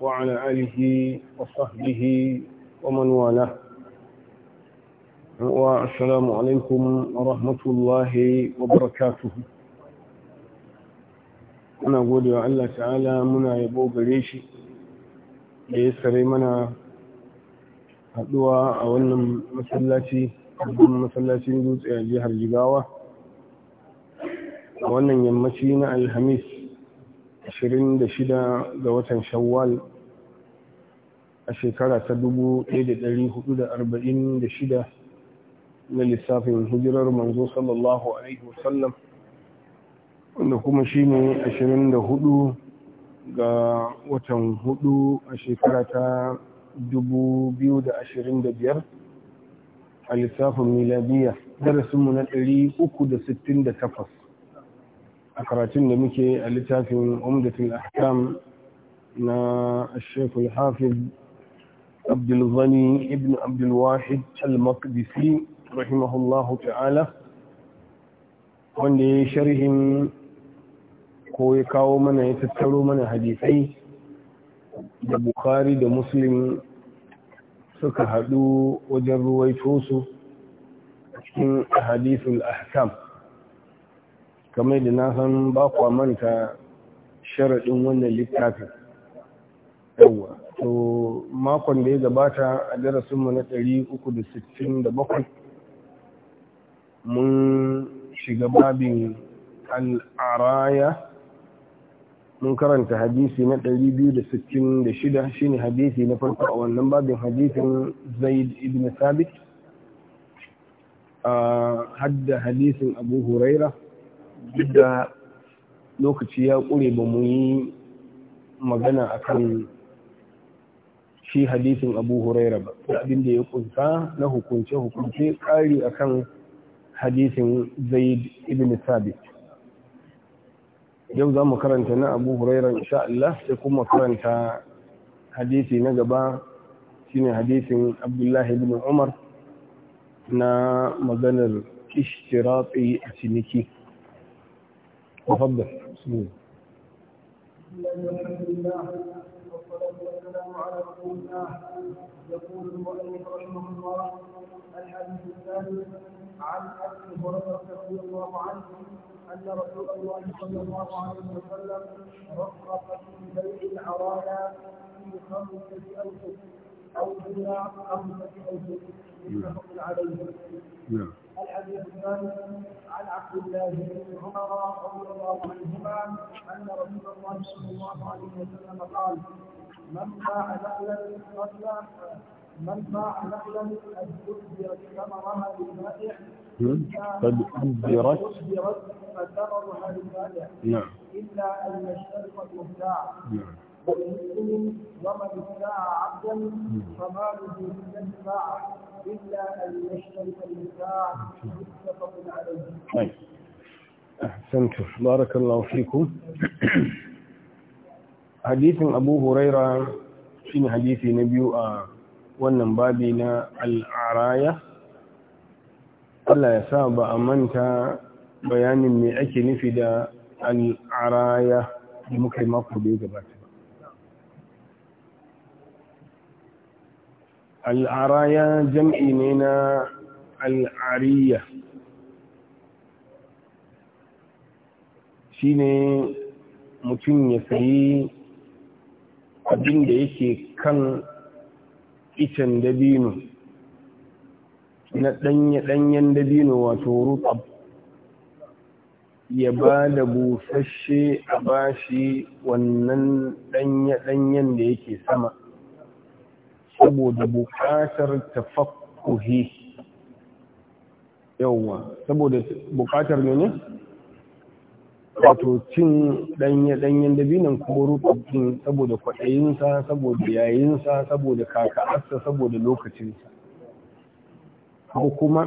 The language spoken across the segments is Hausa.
وعلى آله وصحبه ومن والاه والسلام عليكم ورحمة الله وبركاته أنا أقول يا الله تعالى منا يبو قريشي ليسري منا haɗuwa a wannan masallaci wannan masallacin dutse a jihar jigawa a wannan yammaci na alhamis shida ga watan shawwal a shekara ta 1446 na lissafin hijirar manzo sallallahu alaihi wasallam wanda kuma shi ne 24 ga watan 4 a shekara ta 2025 a lissafin miladiya darasinmu na 368 a karatun da muke a littafin umdatul ahkam na الشيخ الحافظ عبد الغني Abdulwahid Al الواحد المقدسي رحمه الله wanda ya yi sharhin ko ya kawo mana ya tattaro mana hadisai da bukari da muslim suka haɗu wajen ruwaito su cikin hadisul ahkam kamar da na san ba kwa manta sharaɗin wannan littafin yawwa to makon da ya gabata a darasinmu na 367 mun shiga babin al'araya mun karanta hadisi na 266 shine hadisi na farko a wannan babin hadisin zaid ibn sabit hadda hadisin abu huraira duk da lokaci ya kure ba mu yi magana akan shi hadisin abu huraira ba da abin da ya kunsa na hukunce hukunce ƙari akan hadisin zaid ibn Sabi. yau za mu karanta na abu huraira insha Allah sai kuma karanta hadisi na gaba shine hadisin abdullahi ibn umar na maganar ishtirati a ciniki بسم الله والسلام على رسول الله يقول المؤلف رحمه الله الحديث الثاني عن ابي هريره رضي الله عنه ان رسول الله صلى الله عليه وسلم رخص في بيع العرايا في خمسه اوسط او دون خمسه اوسط متفق عليه نعم. الحديث الثاني عن عبد الله بن عمر رضي الله عنهما ان رسول الله صلى الله عليه وسلم قال من باع نخلا قبل من باع نخلا قد أدبرت ثمرها للبائع قد أدبرت فثمرها للبائع نعم إلا أن يشترط المبتاع نعم ومسلم ومن ابتاع عبدا فماله من الباع إلا أن يشترط المبتاع متفق عليه طيب. أحسنتم بارك الله فيكم hadisin abu huraira shi ne hadisi na biyu a wannan babi na al'araya Allah ya sa ba a manta bayanin me ake nufi da al'araya da muka yi mako da ya gabata al'araya jam'i ne na al'ariya shi ne mutum ya sayi Abinda yake kan icen dabino na danyen ɗanyen dabino wato rutab ya ba da busasshe a bashi wannan ɗanye-ɗanyen da yake sama saboda buƙatar tafakkuhi yawwa saboda buƙatar ne wato cin ɗanye-ɗanyen dabinan kuma cin saboda kwaɗayinsa saboda yayinsa saboda kaka'arsa saboda lokacinsa ko kuma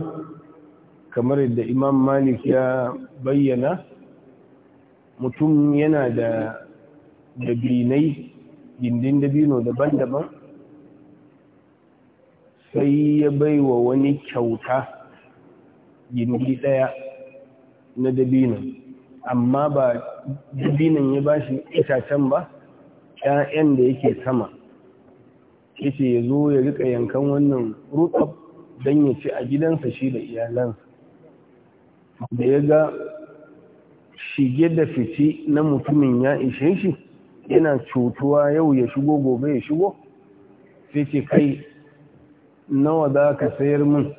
kamar yadda imam malik ya bayyana mutum yana da dabinai gindin dabino daban-daban sai ya bai wa wani kyauta gindi ɗaya na dabinan amma ba dinan ya ba shi itacen ba ‘ya'yan da yake sama yace ya zo ya rika yankan wannan rutsaf don ya ci a gidansa shi da iyalansa da ya ga shige da fice na mutumin ya ishe shi yana cutuwa yau ya shigo gobe ya shigo sai ce kai nawa za ka sayar min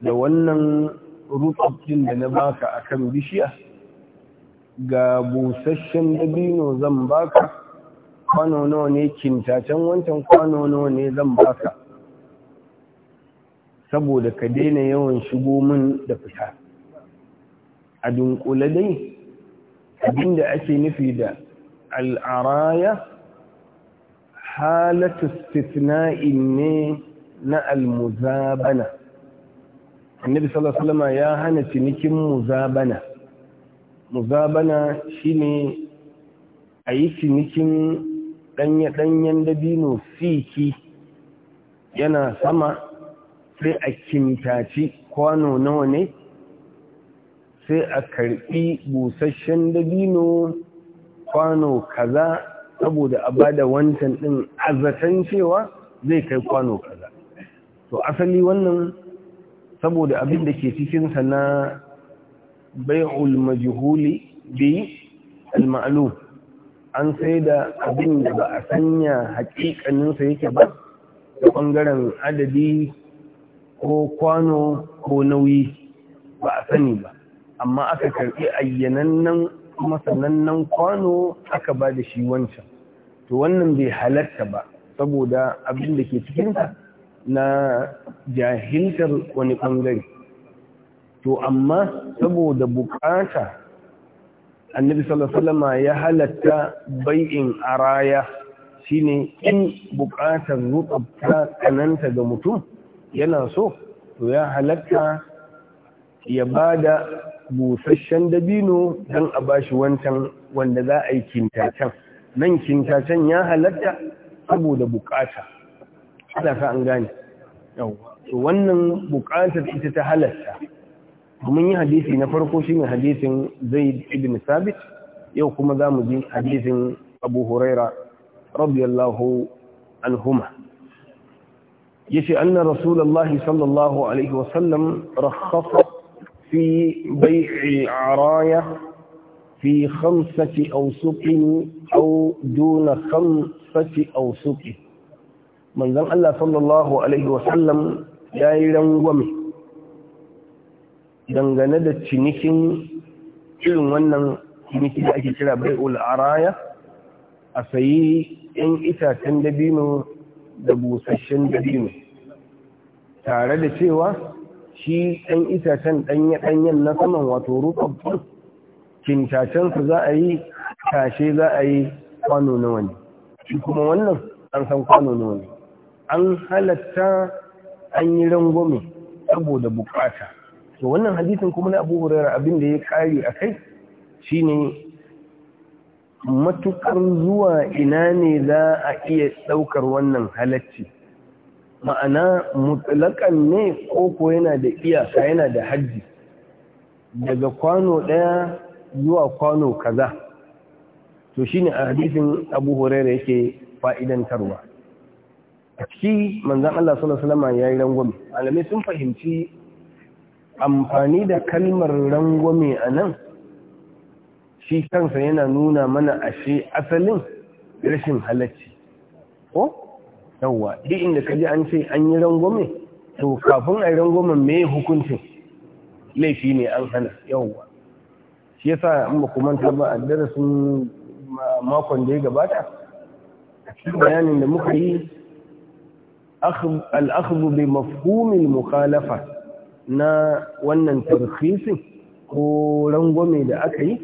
da wannan rutsaf ɗin da na baka akan bishiya ga busasshen dabino zan baka kwano nawa ne kintacen wancan kwano nawa ne zan baka saboda ka daina yawan shigo min da fita a dunkule dai abinda ake nufi da al'araya halatu istitna'i ne na almuzabana annabi sallallahu alaihi wasallam ya hana cinikin muzabana muzabana shine a yi cinikin ɗanye-ɗanyen dabino fiki yana sama sai a kintaci kwano nawa ne sai a karɓi busasshen dabino kwano kaza saboda a ba da wancan ɗin azatan cewa zai kai kwano kaza to asali wannan saboda abin da ke cikinsa na bai'ul majhuli bi al an sai da abin da ba a sanya hakikaninsa yake ba da ɓangaren adadi ko kwano ko nauyi ba a sani ba amma aka karɓi ayyanannen masanannen kwano aka ba da shi wancan to wannan bai halatta ba saboda abin da ke cikinsa na jahiltar wani ɓangare to amma saboda bukata annabi sallallahu ya halatta bai'in araya shine in bukatar rubuta kananta ga mutum yana so to ya halatta ya bada busasshen dabino dan a bashi wancan wanda za a yi kintacen nan kintacen ya halatta saboda bukata ana ka an gane wannan bukatar ita ta halatta mun yi hadisi na farko shine hadisin zaid ibn sabit yau kuma za mu ji hadisin abu huraira radiyallahu anhuma yace anna rasulullahi sallallahu alaihi wa wasallam rakhasa fi bai'i araya fi khamsati awsuqin aw duna khamsati awsuqin manzon Allah sallallahu alaihi wa wasallam yayi rangwame dangane da cinikin irin wannan ciniki da ake kira bai'ul araya a sayi yan itacen dabino da busasshen dabino tare da cewa shi ɗan itacen ɗanye-ɗanyen na saman wato rufafin kintacensu za a yi tashe za a yi kwano na wani shi kuma wannan an san kwano na wani an halatta an yi rangome saboda bukata to wannan hadisin kuma na abu hurairar abin da ya kare a kai shine matukar zuwa ina ne za a iya ɗaukar wannan halacci ma'ana mutlakan ne koko yana da iyaka yana da hajji daga kwano ɗaya zuwa kwano kaza to shine a hadisin abu hurairar yake fa'idantarwa a ciki manzan Allah sallallahu alaihi wasallam yayi rangon malamai sun fahimci amfani da kalmar rangwame a nan shi kansa yana nuna mana ashe asalin rashin halacci ko yawwa duk inda ka ji an ce an yi rangwame to kafin a yi rangwamen me hukuncin laifi ne an hana yawwa shi yasa an ba kuma ta a darasin makon da ya gabata a cikin bayanin da muka yi al-akhdhu bi mafhumil mukhalafa na wannan tarhisin ko rangwame da aka yi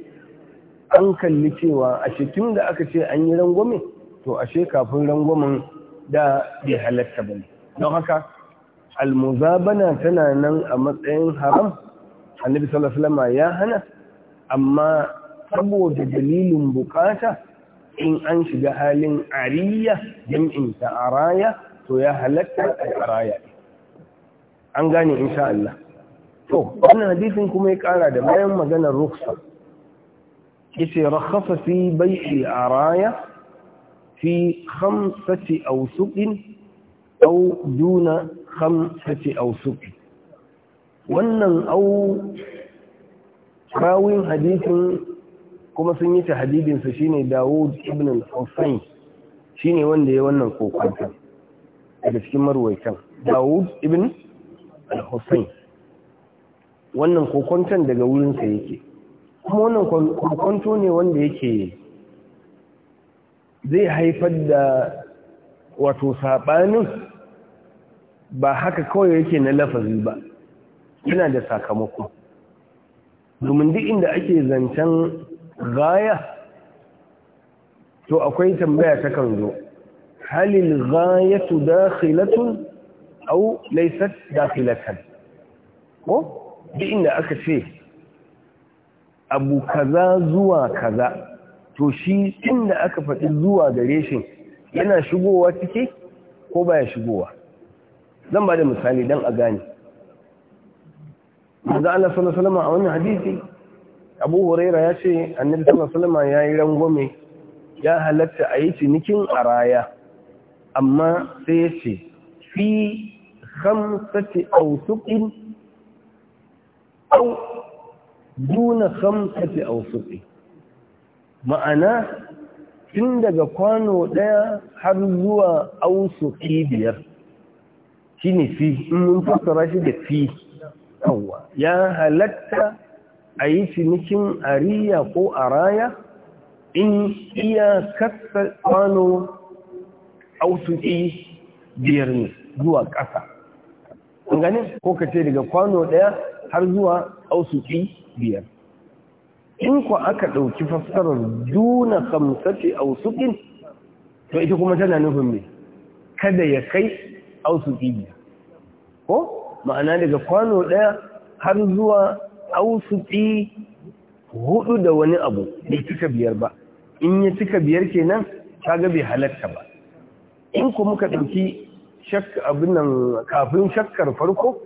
an kalli cewa a shekin da aka ce an yi rangwame to ashe kafin rangwamen da bai halatta ba don haka almuzabana tana nan a matsayin haram annabi sallallahu ya hana amma saboda dalilin bukata in an shiga halin ariya jam'in ta araya to ya halatta a araya an gane insha Allah to wannan hadisin kuma ya kara da bayan maganar ruksa yace rakhasa fi bai'i araya fi khamsati awsuqin aw duna khamsati awsuq wannan au rawin hadisin kuma sun yi tahdidin sa shine Dawud ibn al-Husayn shine wanda ya wannan kokon daga cikin kan, Dawud ibn al-hussein wannan kokonton daga wurinsa yake kuma wannan kokonto ne wanda yake zai haifar da wato saɓanin ba haka kawai yake na lafazi ba yana da sakamako domin duk inda ake zancen gaya to akwai tambaya ta kan zo halil gayatu dakhilatun au laysat dakhilatan ko duk inda aka ce abu kaza zuwa kaza to shi inda aka faɗi zuwa gare shi yana shigowa ciki ko baya shigowa zan ba da misali don a gane manzo Allah sallallahu a wannan hadisi Abu Huraira ya ce Annabi sallallahu alaihi wasallam yayi rangwame ya halatta a yi cinikin araya amma sai ya ce fi khamsati awsuqin aw duna khamsati awsuqin ma'ana tun daga kwano ɗaya har zuwa ausuki biyar shi ne fi in mun fassara shi da fi yawa ya halatta a yi cinikin ariya ko araya in iya kasa kwano ausuki biyar ne zuwa ƙasa an ko ka ce daga kwano ɗaya har zuwa ausuki biyar in ku aka ɗauki fassarar duna kamsace ausukin to ita kuma tana nufin mai kada ya kai ausuki biyar ko ma'ana daga kwano ɗaya har zuwa ausuki hudu da wani abu bai cika biyar ba in ya cika biyar kenan kaga bai halatta ba in ku muka ɗauki shakka abin nan kafin shakkar farko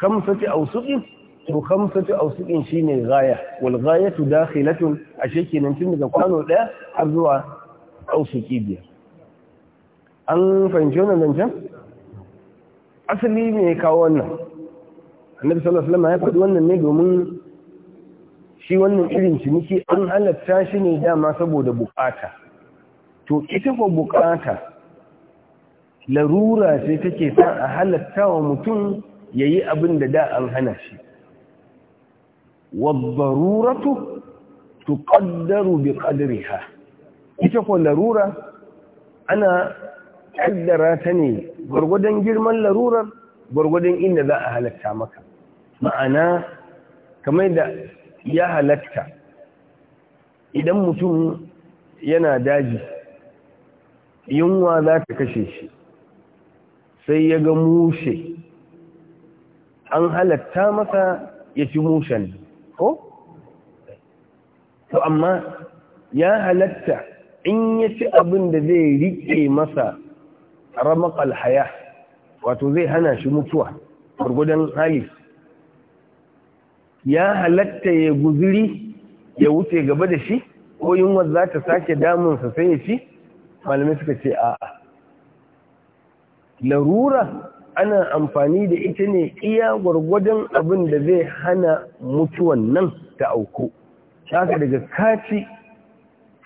khamsati awsuqin to khamsati awsuqin shine ghaya wal ghayatu dakhilatun ashe kenan tun daga kwano daya har zuwa awsuqi biyar an fahimci wannan zancen asali ne kawo wannan annabi sallallahu alaihi wasallam ya faɗi wannan ne domin shi wannan irin ciniki an halatta shi ne dama saboda bukata to ita ko bukata larura sai take sa a halatta wa mutum ya yi abin da da an hana shi waddaruratu tuqaddaru bi qadriha ita ko larura ana kaddara ta ne gwargwadon girman larurar gwargwadon inda za a halatta maka ma'ana kamar da ya halatta idan mutum yana daji yunwa za ta kashe shi sai ya ga mushe an halatta masa ya ci mushen ko? to amma ya halatta in ya ci abin da zai riƙe masa ramakal haya wato zai hana shi mutuwa gurgudan hali ya halatta ya guziri ya wuce gaba da shi ko yunwar za sake damunsa sai ya ci malamai suka ce a'a larura ana amfani da ita ne iya gwargwadon abin da zai hana mutuwan nan ta auku shaka daga kaci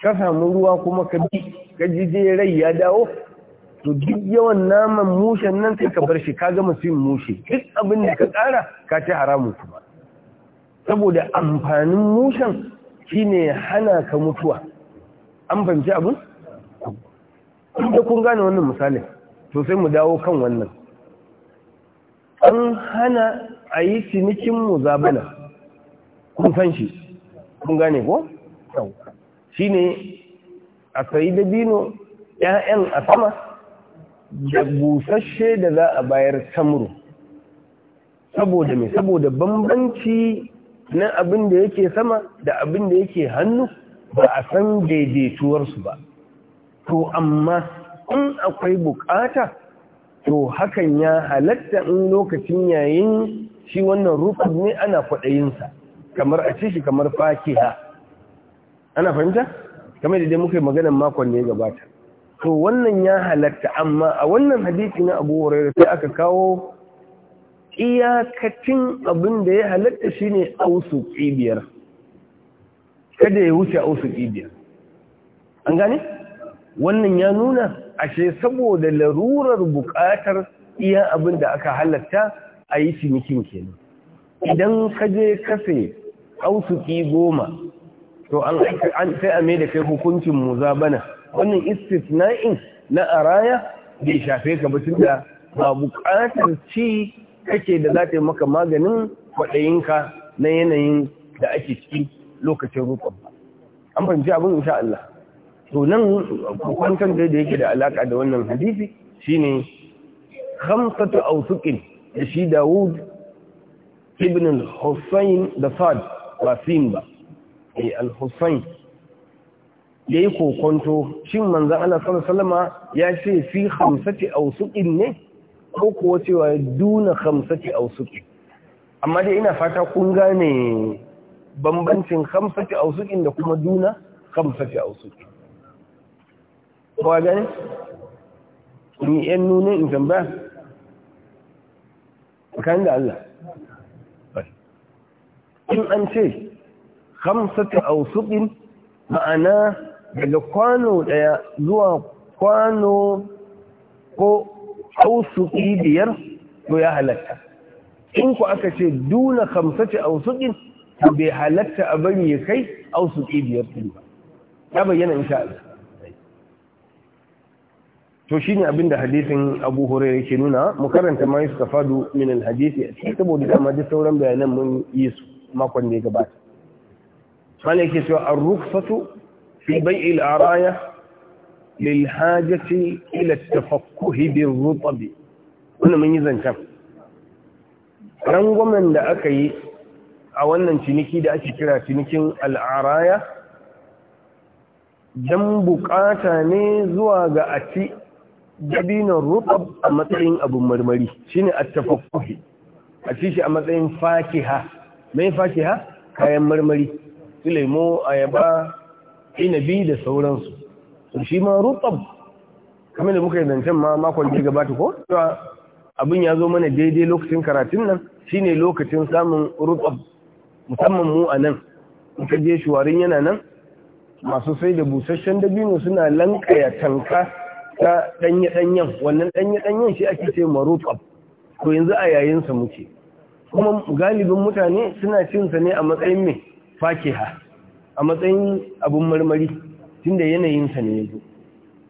ka samu ruwa kuma ka bi ka ji jije rai ya dawo to duk yawan naman mushen nan sai ka bar shi ka gama su mushe duk abin da ka tsara ka ci haramun kuma saboda amfanin mushen shine hana ka mutuwa an fahimci abin? kun gane wannan misalin to sai mu dawo kan wannan an hana a yi cinikin muzabana kun san shi kun gane ko? shi ne a sayi dabino ‘ya'yan a sama da busasshe da za a bayar samuru saboda mai saboda bambanci na abin da yake sama da abin da yake hannu ba a san daidaituwarsu ba to amma in akwai bukata to hakan ya halatta in lokacin yayin shi wannan rukun ne ana kwaɗayinsa kamar a ce shi kamar fakiha ana fahimta kamar da dai muka yi maganar makon da ya gabata to wannan ya halatta amma a wannan hadisi na abu hurairu sai aka kawo iyakacin abin da ya halatta shine ausu ƙibiyar kada ya wuce ausu ƙibiyar an gane wannan ya nuna ashe saboda larurar buƙatar iya abin da aka halatta a yi cinikin kenan idan ka je kase ausuki goma to an sai a mai da kai hukuncin bana. wannan istisna'in na araya bai shafe ka ba tunda ba buƙatar ci kake da za ta yi maka maganin kwaɗayinka na yanayin da ake ciki lokacin rukun ba an fahimci abin insha Allah to nan kwanton da yake da alaka da wannan hadisi shine khamsatu awsuqin da shi Dawud ibn al-Husayn da Sad ba Sin ba eh al-Husayn yayi kokonto shin manzon Allah sallallahu alaihi ya ce fi khamsati awsuqin ne ko kuwa cewa duna khamsati awsuqin amma dai ina fata kun gane bambancin khamsati awsuqin da kuma duna khamsati awsuqin kowa ni ‘yan nuna in tambaya kan da Allah in an ce hamsata ausuɗin ma'ana daga kwano ɗaya zuwa kwano ko ausuɗi biyar to ya halatta in ku aka ce duna hamsata ausuɗin bai halatta a bari ya kai ausuɗi biyar ɗin ba ya bayyana in sha'ala to shine abin da hadisin Abu Hurairah yake nuna mu karanta suka fadu min al cikin saboda dama duk sauran bayanan mun yi su makon da ya gabata malai ke cewa an rukhsatu fi bai'i al-araya lil ila tafakku hibin rutsabi wani mun yi zancen rangwamen da aka yi a wannan ciniki da ake kira cinikin al'araya don bukata ne zuwa ga a ci dabinon rubab a matsayin abin marmari shine a tafakkuhi a ci shi a matsayin fakiha mai fakiha kayan marmari su lemo ayaba inabi da sauransu to shi ma rubab kamar da muka yi zancen ma makon da gabata ko abin ya zo mana daidai lokacin karatun nan shine lokacin samun rubab musamman mu a nan muka shuwarin yana nan masu sai da busasshen dabino suna lankaya tanka ta ɗanye-ɗanyen wannan ɗanye-ɗanyen shi ake ce marutab ko yanzu a yayinsa muke kuma galibin mutane suna cinsa ne a matsayin mai fakiha a matsayin abin marmari tunda yanayinsa ne yanzu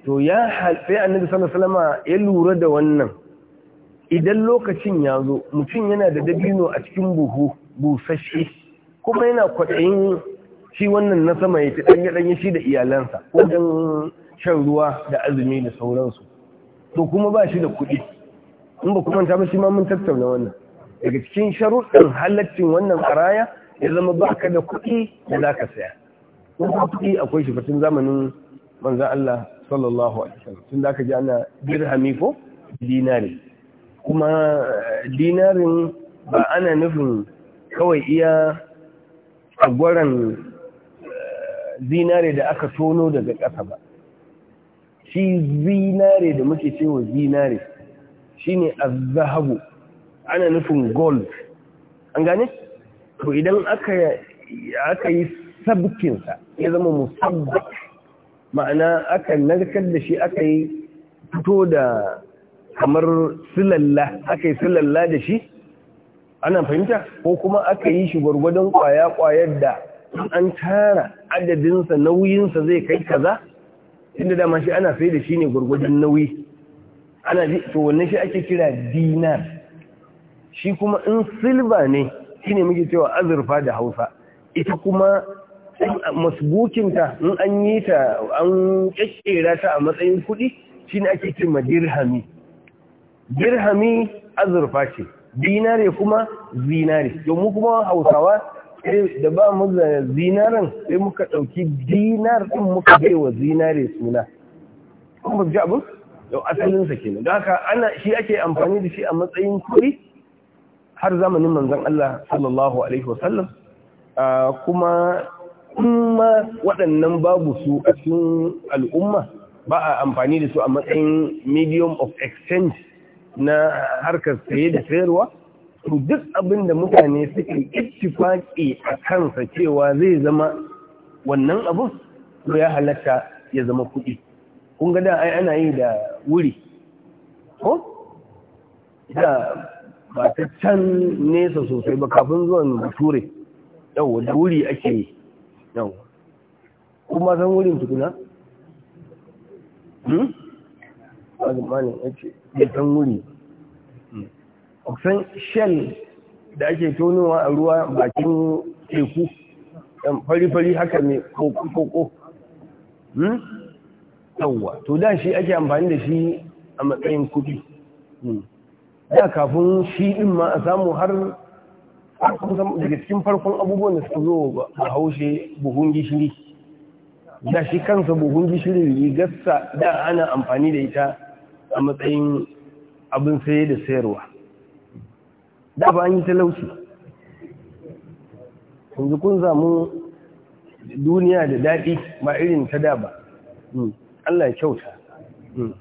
to ya halfe annabi sallallahu alaihi ya lura da wannan idan lokacin ya zo mutum yana da dabino a cikin buhu busashe kuma yana kwaɗayin shi wannan na sama ya ci ɗanye-ɗanye shi da iyalansa ko shan ruwa da azumi da sauransu to kuma ba shi da kuɗi in ba kuma ta ba shi ma mun tattauna wannan daga cikin sharuɗin halaccin wannan karaya ya zama ba ka da kuɗi da za ka saya kun kuɗi akwai shi fatin zamanin manzan Allah sallallahu alaihi wasallam tun da ka ji ana dirhami ko dinari kuma eh, dinarin ba ana nufin kawai iya agwaran eh, zinare da aka tono daga ƙasa ba shi zinare da muke cewa zinare shine a zahabu ana nufin gold an gane to idan aka yi sabkinsa ya zama musabbak ma'ana aka narkar da shi aka yi fito da kamar silalla aka yi silalla da shi ana fahimta ko kuma aka yi shi gwargwadon kwaya-kwayar da an tara adadinsa nauyinsa zai kai kaza inda dama shi ana sai da shi ne gwargwadon nauyi ana ji to wannan shi ake kira dinar shi kuma in silva ne shi ne muke cewa azurfa da hausa ita kuma masbukinta in an yi ta an kyakkera ta a matsayin kuɗi shi ne ake cewa dirhami dirhami azurfa ce dinare kuma zinare domin kuma hausawa sai da ba mu da zinarin sai muka ɗauki dinar ɗin muka bai wa zinare suna kuma ji abin yau asalinsa kenan da haka ana shi ake amfani da shi a matsayin kuɗi har zamanin manzon Allah sallallahu alaihi wa sallam, kuma kuma waɗannan babu su a cikin al'umma ba a amfani da su a matsayin medium of exchange na harkar saye da sayarwa to duk abin da mutane suke ittifaki a kansa cewa zai zama wannan abun to ya halatta ya zama kuɗi kun ga da ai ana yi da wuri ko da ba ta can nesa sosai ba kafin zuwan bature yau da wuri ake yi yau kuma san wurin tukuna hmm? ba zama ne ake yi san wuri kusan shen da ake tonowa a ruwa bakin teku ɗan fari-fari haka mai koko-koko hmm? to da shi ake amfani da shi a matsayin kudi hmm. da kafin shi ɗin ma a samu har daga cikin farkon abubuwan da suka zo a haushe buhun gishiri da shi kansa buhun gishiri rigarsa da ana amfani da ita a matsayin abin saye da sayarwa da ba an yi talauci yanzu kun zamu duniya da daɗi ba irin ta da ba hmm. Allah ya kyauta hmm.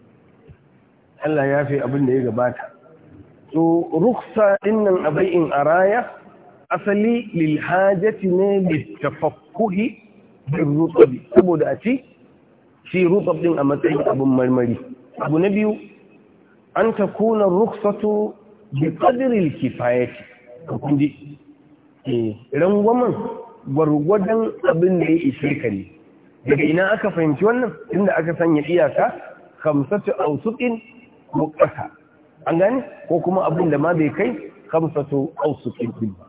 Allah ya fi abin da ya gabata to ruksa dinnan abai'in araya asali lil ne bi tafakkuhi bin saboda a ci shi rutab a matsayin abin marmari abu na biyu an takuna ruksatu bi qadril kifayeti ka kundi eh gwargwadon abin da ya ishe ka ne daga ina aka fahimci wannan inda aka sanya iyaka khamsatu awsuqin mukasa. an gane ko kuma abin da ma bai kai khamsatu awsuqin din ba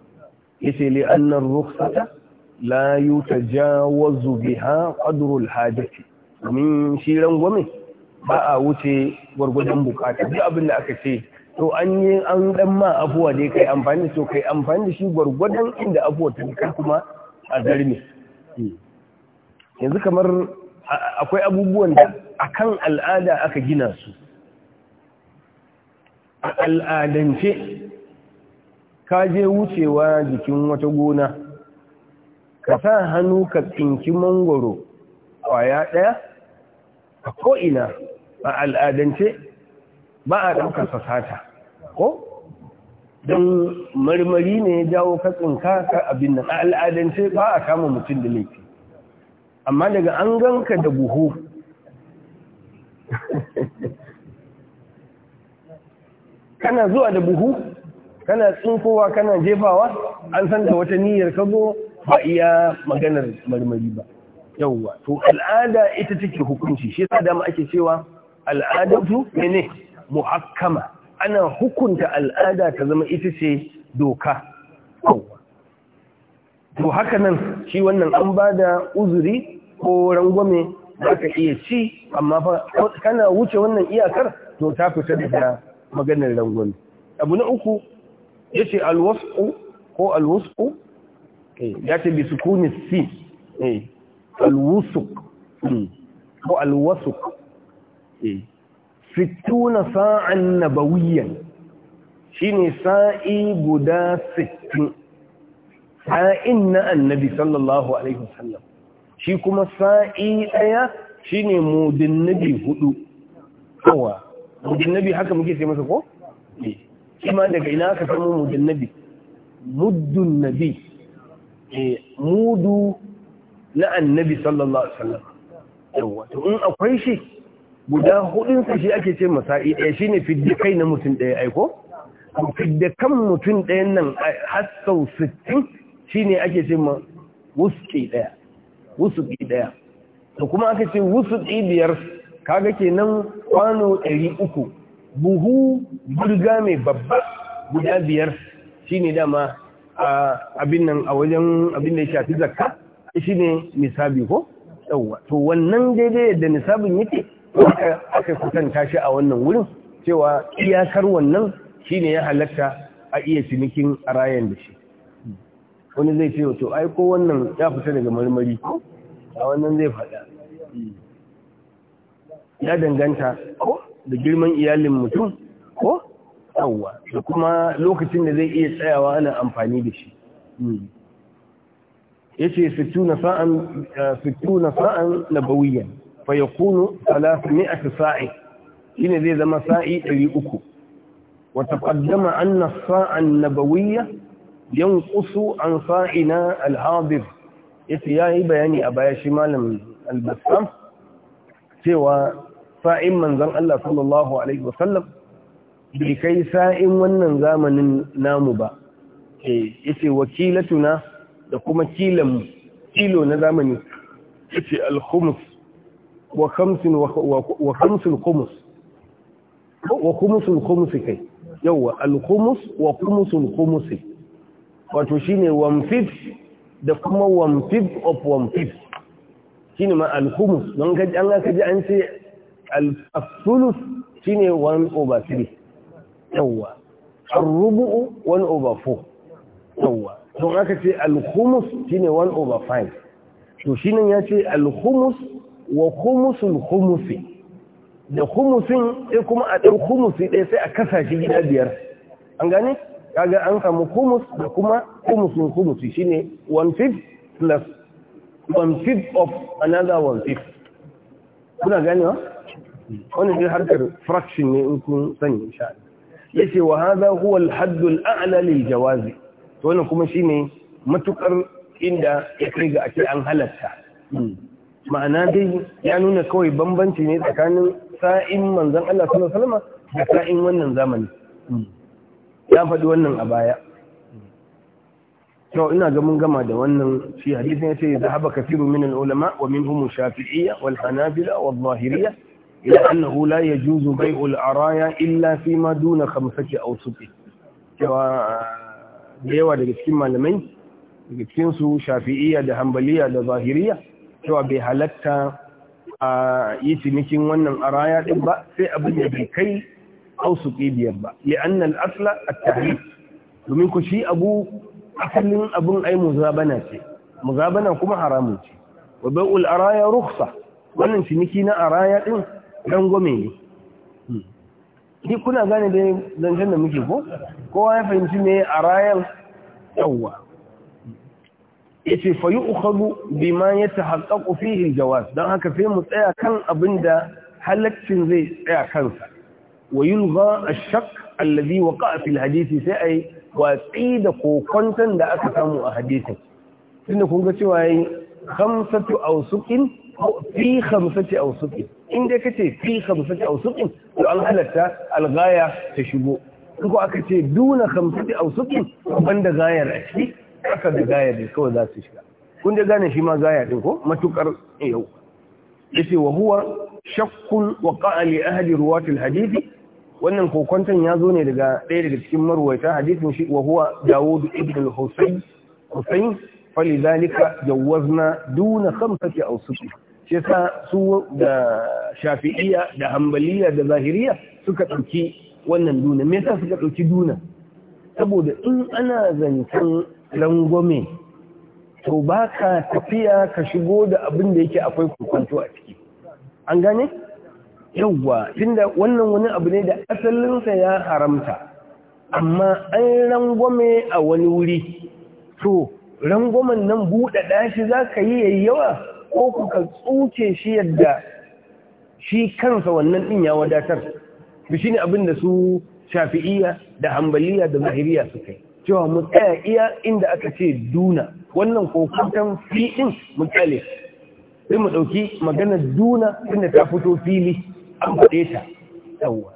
yace annan ruksata, layu ta la yutajawazu biha qadru al-hajati min shi rangwame ba a wuce gwargwadon bukata duk abin da aka ce to an yi an dan ma afuwa dai kai amfani da to kai amfani da shi gwargwadon inda afuwa ta kai kuma a zarme yanzu kamar akwai abubuwan da akan al'ada aka gina su a al'adance ka je wucewa jikin wata gona ka sa hannu ka tsinki mangoro kwaya ɗaya a ko'ina a al'adance ba a ɗaukar fasata, ko don marmari ne ya jawo katsinka ka abin nan a al'adance ba a kama mutum da laifi amma daga an ganka da buhu kana zuwa da buhu kana tsinkowa kana jefawa an san da wata niyyar ka zo ba iya maganar marmari ba yauwa to al'ada ita take hukunci shi sa dama ake cewa al'adatu ne muhakkama ana hukunta al'ada ta zama ita ce doka to haka nan shi wannan an ba da uzuri ko rangwame za aka iya ci amma fa kana wuce wannan iyakar to ta fita daga maganar rangwame abu na uku ya ce alwasu ko alwasu eh, ya ce bisu kuni si eh, alwusuk hmm. ko alwasuk eh. sittuna sa'an nabawiyyan shine sa'i guda sittin sa'in na annabi sallallahu alaihi wasallam shi kuma sa'i daya shine mudin nabi hudu kawa mudin nabi haka muke sai masa ko eh. shi ma daga ina aka samu mudin nabi muddun nabi eh, mudu na annabi sallallahu alaihi wasallam yawa in akwai shi guda hudunsa shi ake ce masa'i ɗaya shi ne fidda kai na mutum ɗaya aiko? fidda kan mutum ɗaya nan a hasau sittin shi ne ake ce ma wusuki ɗaya wusuki ɗaya to kuma aka ce wusuki biyar kaga kenan kwano ɗari uku buhu gurga mai babba guda biyar shi ne dama abin nan a wajen abin da ya shafi zakka shi ne nisabi ko? yauwa to wannan daidai da nisabin yake aka kusanta shi a wannan wurin cewa iyakar wannan shi ne ya halatta a iya cinikin a rayan da shi wani zai ce wato ai wannan ya fita daga marmari a wannan zai faɗa ya danganta ko da girman iyalin mutum ko yawwa da kuma lokacin da zai iya tsayawa ana amfani da shi ya ce 60 na eh, sa'an nabawiyan fa yakunu 300 sa'i shine zai zama sa'i 300 wa taqaddama anna as-sa'a nabawiyya yanqusu an sa'ina al-hadir yace yayi bayani a baya shi malam al cewa sa'in manzon Allah sallallahu alaihi wasallam bai kai sa'in wannan zamanin namu ba yace wakilatuna da kuma kilan kilo na zamani yace al-khums wa khamsin wa wa khumusul kumusi kai yawa alhumus wa kumusin kumusi wato shine ne wamfif da kuma wamfif of wamfif shi shine ma alhumus don kaji an gaji an ce al shine 1 over 3 yawa الربع 1 over 4 yawa don aka ce alhumus shine 1 over 5 to shine ya ce alhumus wa humusul humusi da humusin sai kuma a ɗau humusi ɗaya sai a kasashe gida biyar an gane kaga an samu humus da kuma humusin humusi shine one fifth plus one fifth of another one fifth kuna gane wani ne harkar fraction ne in kun sani insha Allah yace wa haza huwa al-hadd al-a'la lil jawazi to wannan kuma shine matukar inda ya kai ga ake an halatta ma'ana dai ya nuna kawai bambanci ne tsakanin sa'in manzan Allah sallallahu alaihi da sa'in wannan zamani ya faɗi wannan a baya to ina ga gama da wannan shi ya ce zahaba kathiru kafiru al-ulama wa minhum shafi'iyya wal hanabila wal zahiriyya ila annahu la yajuzu bai al-araya illa fi ma duna khamsati awsuq cewa da yawa daga cikin malamai daga cikin su shafi'iyya da hanbaliya da zahiriya cewa bai halatta a yi cinikin wannan araya ɗin ba sai abin da bai kai su ƙibiyar ba li'annal asla at-tahrif domin ku shi abu asalin abun ai muzabana ce muzabana kuma haramun ce wa bai'ul araya ruksa wannan ciniki na araya din gome ne ni kuna gane da zancen da muke ko kowa ya fahimci me arayan yawwa yace fa yu'khadhu ya yatahaqqaqu fihi al dan haka sai mu tsaya kan abinda halaccin zai tsaya kansa wa yulgha ash-shakk alladhi waqa'a fi al sai ai watsi da kokonton da aka samu a hadisin tunda kun ga cewa yayi khamsatu awsuqin fi khamsati awsuqin in dai kace fi khamsati awsuqin to an halatta algaya ta shigo in ko aka ce duna khamsati awsuqin banda gayar a ciki haka da gaya da kawai za su shiga kun da gane shi ma gaya din ko matukar eh, yau yace wa huwa shakkun wa qa'a li ahli ruwat wannan kokonton ya zo ne daga ɗaya daga cikin marwaita hadithin shi wa huwa Dawud ibn al-Husayn Husayn zalika jawazna duna khamsati sittah shi yasa su da Shafi'iyya da Hanbaliya da Zahiriya suka ɗauki wannan duna me yasa suka ɗauki duna saboda in ana zancen langwame to ba ka tafiya ka shigo da abin da yake akwai kwanto a ciki an gane yauwa tunda wannan wani abu ne da asalinsa ya haramta amma an rangwame a wani wuri to rangwamen nan buɗe ɗashi za ka yi yayi yawa ko ku tsuke shi yadda shi kansa wannan ɗin ya wadatar shi ne abin da su shafi'iyya da hambaliya da zahiriya suka yi cewa mu tsaya iya inda aka ce duna wannan kokuntan fiɗin mu sai mu ɗauki magana duna inda ta fito fili an faɗe ta yawwa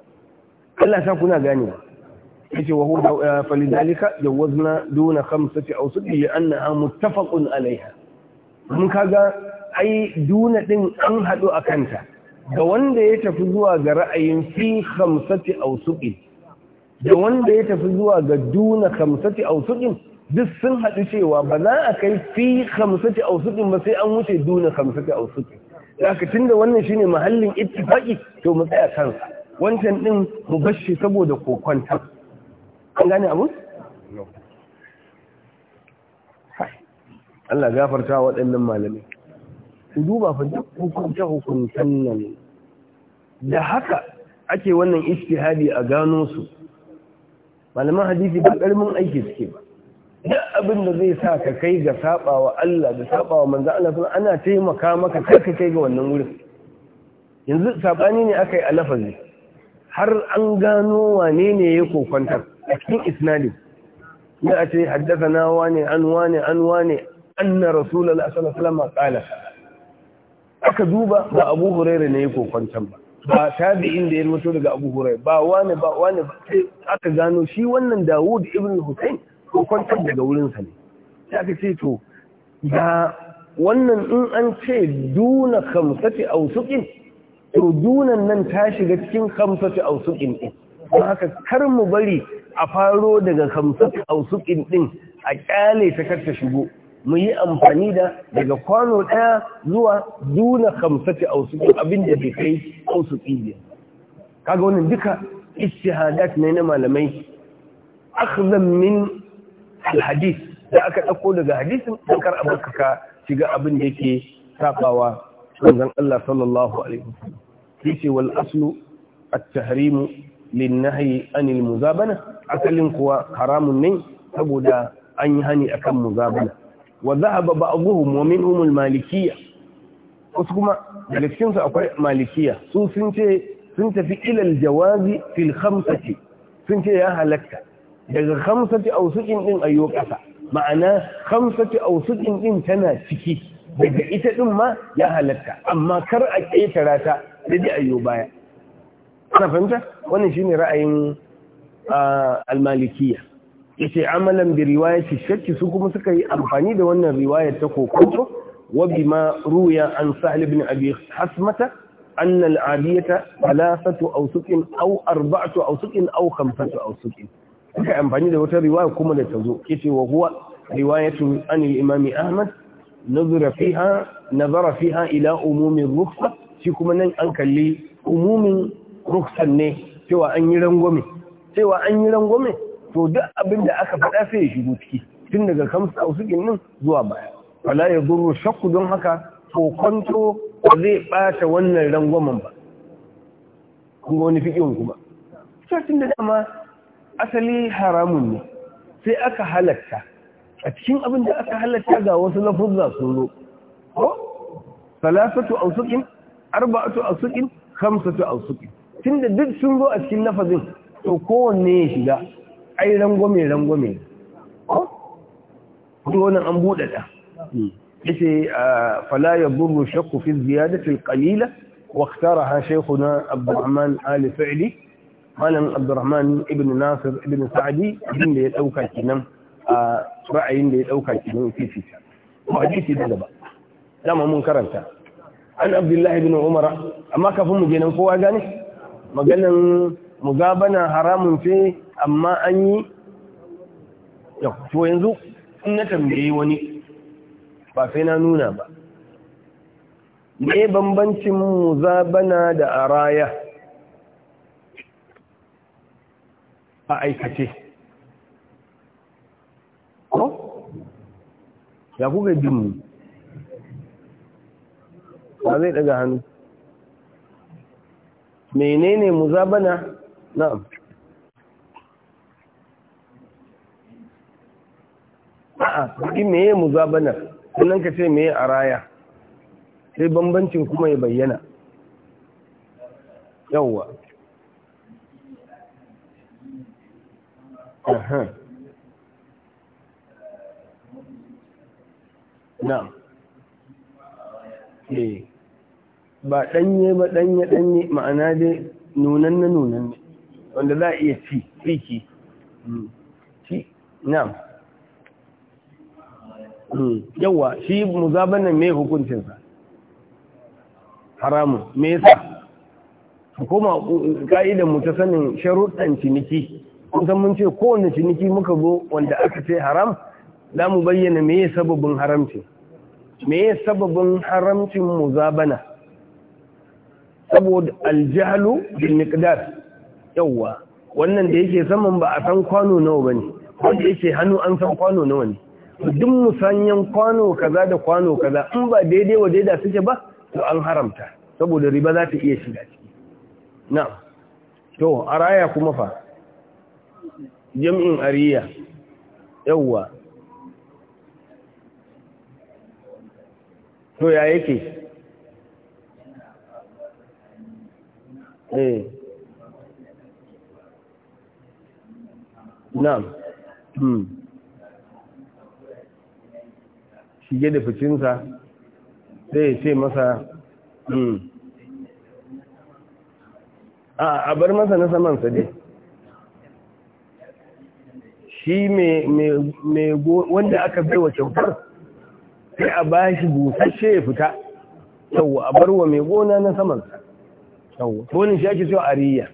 Allah sa kuna ya ce wa huwa eh, falidalika wazna duna khamsati awsud li annaha muttafaqun alaiha mun kaga ai duna ɗin an hadu kanta. ga wanda ya tafi zuwa ga ra'ayin fi wasu ɗi da wanda ya tafi zuwa ga duna a awsuqin duk sun haɗu cewa ba za a kai fi a awsuqin ba sai an wuce duna da aka tun da wannan shine mahallin ittifaqi to mu tsaya kansa wancan ɗin mu bashi saboda kokonta an gane abu Allah gafarta waɗannan malamai ku duba fa duk hukunta hukuntan nan da haka ake wannan ishtihadi a gano su malaman hadisi ba ƙarmin aiki suke ba duk abin da zai sa ka kai ga sabawa Allah da sabawa manzo Allah sun ana taimaka maka kar ka kai ga wannan wurin yanzu sabani ne yi a lafazi har an gano wane ne ya kokwantar a cikin isnadin ya a ce haddathana wane an wane an wane anna rasulullahi sallallahu alaihi wasallam aka duba ba Abu Hurairah ne ya kokwantar ba ba tabi'in da ya mutu daga Abu Hurairah ba wani ba wani aka gano shi wannan Dawud ibn Hussein ko kwantar daga wurin sa ne sai aka ce to ga wannan in an ce duna khamsati awsuqin to dunan nan ta shiga cikin khamsati awsuqin din don haka kar mu bari a faro daga khamsati awsuqin din a kyale ta kar ta shigo mu yi amfani da daga kwano ɗaya zuwa duna kamsati a wasu abin da ke kai wasu ɗibiya kaga wannan duka istihadat ne na malamai akhzan min alhadis da aka ɗauko daga hadisin an kar abarka shiga abin da yake sabawa manzon Allah sallallahu alaihi wasallam yace wal aslu at-tahrim lin anil muzabana akalin kuwa haramun ne saboda an yi hani akan muzabana wa zahaba ba'dhum wa minhum al-malikiyya wasu kuma daga cikin su akwai malikiyya su sun ce sun tafi ila al-jawazi fil khamsati sun ce ya halatta daga khamsati awsuqin din ayyo kasa ma'ana khamsati awsuqin din tana ciki daga ita din ma ya halatta amma kar a ƙetara ta da ayyo baya ana fahimta wannan shine ra'ayin ah, al-malikiyya yace amalan bi riwayati shakki su kuma suka yi amfani da wannan riwayar ta kokonto wa bima ruya an sahl ibn abi hasmata anna al thalathatu awsuqin aw arba'atu awsuqin aw khamsatu awsuqin kai amfani da wata riwaya kuma da tazo yace wa huwa riwayatu an al-imam ahmad nazara fiha nazara fiha ila umumi rukhsa shi kuma nan an kalli umumin rukhsan ne cewa an yi rangwame cewa an yi rangwame to duk abin da aka faɗa sai ya shigo ciki tun daga kamsa ausukin nan zuwa baya wala ya zuru shakku don haka kokonto ba zai ɓata wannan rangwamen ba kuma wani fikin kuma cikin da dama asali haramun ne sai aka halatta a cikin abin da aka halatta ga wasu lafuzza sun zo ko salasatu ausukin arba'atu ausukin khamsatu ausukin tunda duk sun zo a cikin lafazin to kowanne ya shiga ai rangwame rangwame ko wannan an buɗe da hmm. yace ah, fala yadurru shakku fi ziyadati alqalila wa ikhtaraha shaykhuna abdurrahman ali fa'li malam abdurrahman ibn nasir ibn sa'di din da ya dauka kinan ra'ayin da ya dauka kinan fifi hadisi da gaba dama mun karanta an abdullahi ibn umara amma kafin mu je nan kowa gane maganan mugabana haramun ce amma an yi yau to yanzu in na tambayi wani ba sai na nuna ba me bambancin muzabana da araya a aikace ko ya kuka jin ba zai daga hannu menene muzabana na'am a'a kuɗi meye muzabana sannan ka ce meye a raya sai bambancin kuma ya bayyana yawwa na'am eh. ba ɗanye ba ɗanye ɗanye ma'ana dai nunan na nunan ne wanda za a iya ci tsiki, ci na yawa shi hmm, zaben nan mai hukuncinsa haramun me yasa kuma ka'idan mu ta sanin sharuɗan ciniki kusan mun ce kowane ciniki muka zo wanda aka ce haram za mu bayyana me sababin haramci me sababin haramcin zabana saboda aljahalu bil miqdar yawwa wannan da yake saman ba a san kwano nawa bane wanda yake hannu an san kwano nawa ne duk musanyan kwano kaza da kwano kaza in ba daidai wa daida suke ba to an haramta saboda riba za ta iya shiga ciki na'am to araya kuma fa jam'in ariya yawwa to ya yake eh na'am hmm. shige da ficinsa sai ya ce masa hmm. a bar masa na samansa dai shi mai wanda aka bai wa kyautar sai a ba shi busasshe ya fita yau a bar wa mai gona na samansa yau tonin shi ake cewa ariya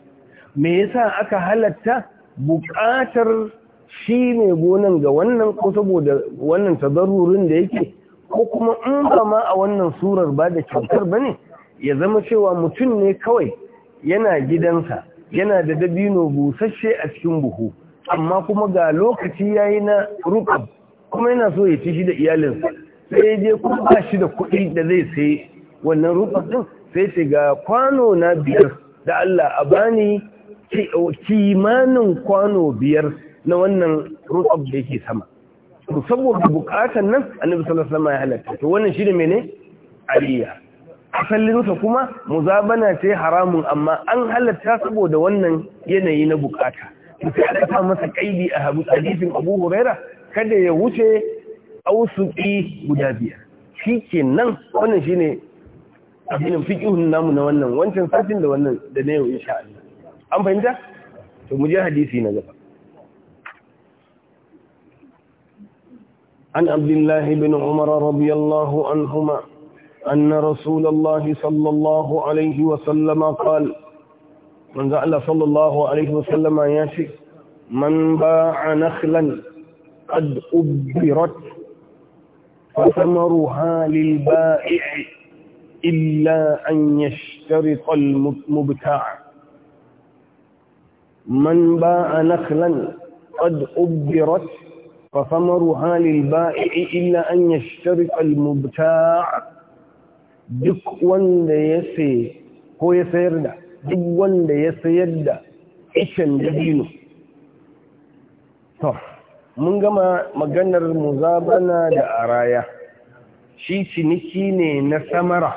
me yasa aka halatta buƙatar shi mai gonan ga wannan ko saboda wannan tazarurin da yake ko kuma in ba ma a wannan surar ba da kyautar ba ne ya zama cewa mutum ne kawai yana gidansa yana da dabino busasshe a cikin buhu amma kuma ga lokaci ya yi na rukab kuma yana so ya ci shi da iyalinsa sai ya je kuma ba shi da kuɗi da zai sai wannan rukab din sai ce ga kwano na biyar da Allah a bani kimanin kwano biyar na wannan rufab da yake sama saboda bukatan nan annabi sallallahu alaihi wasallam ya halatta to wannan shine mene ariya asalin sa kuma mu muzabana ce haramun amma an halatta saboda wannan yanayi na bukata to sai aka sa masa kaidi a hadisin Abu Huraira kada ya wuce ausuki guda biyar shikenan wannan shine abin fiqihun namu na wannan wancan satin da wannan da na yau insha an fahimta to mu je عن عبد الله بن عمر رضي الله عنهما أن رسول الله صلى الله عليه وسلم قال من زعل صلى الله عليه وسلم يا شيخ من باع نخلا قد أبرت فثمرها للبائع إلا أن يشترط المبتاع من باع نخلا قد أبرت فثمرها للبائع إلا أن يشترط المبتاع duk wanda ya saye ko ya sayar da duk wanda ya sayar da ishen dabino to mun gama maganar muzabana da araya shi ciniki ne na samara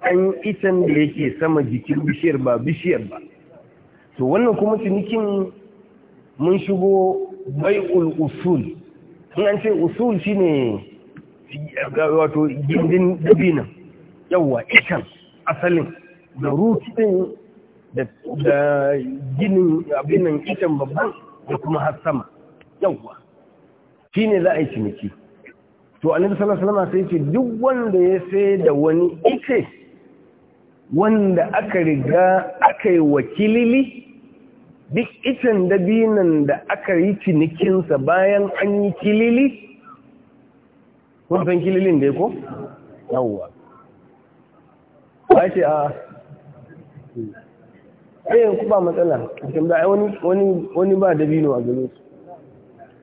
an itan da yake sama jikin bishiyar ba bishiyar ba to wannan kuma cinikin mun shigo bai'ul usul in an ce usul shine wato gindin dabinan yawwa ikan asalin da rukin da ginin abinan ikan babban da kuma har sama shi shine za a yi ciniki to annabi sallallahu alaihi sai ce duk wanda ya sai da wani ike wanda aka riga aka yi wakilili duk icen dabinan da aka yi cinikinsa bayan an yi kilili kun san kililin da ko? yawwa Bashi a ɗayan ku ba matsala cikin da wani ba dabino a gano su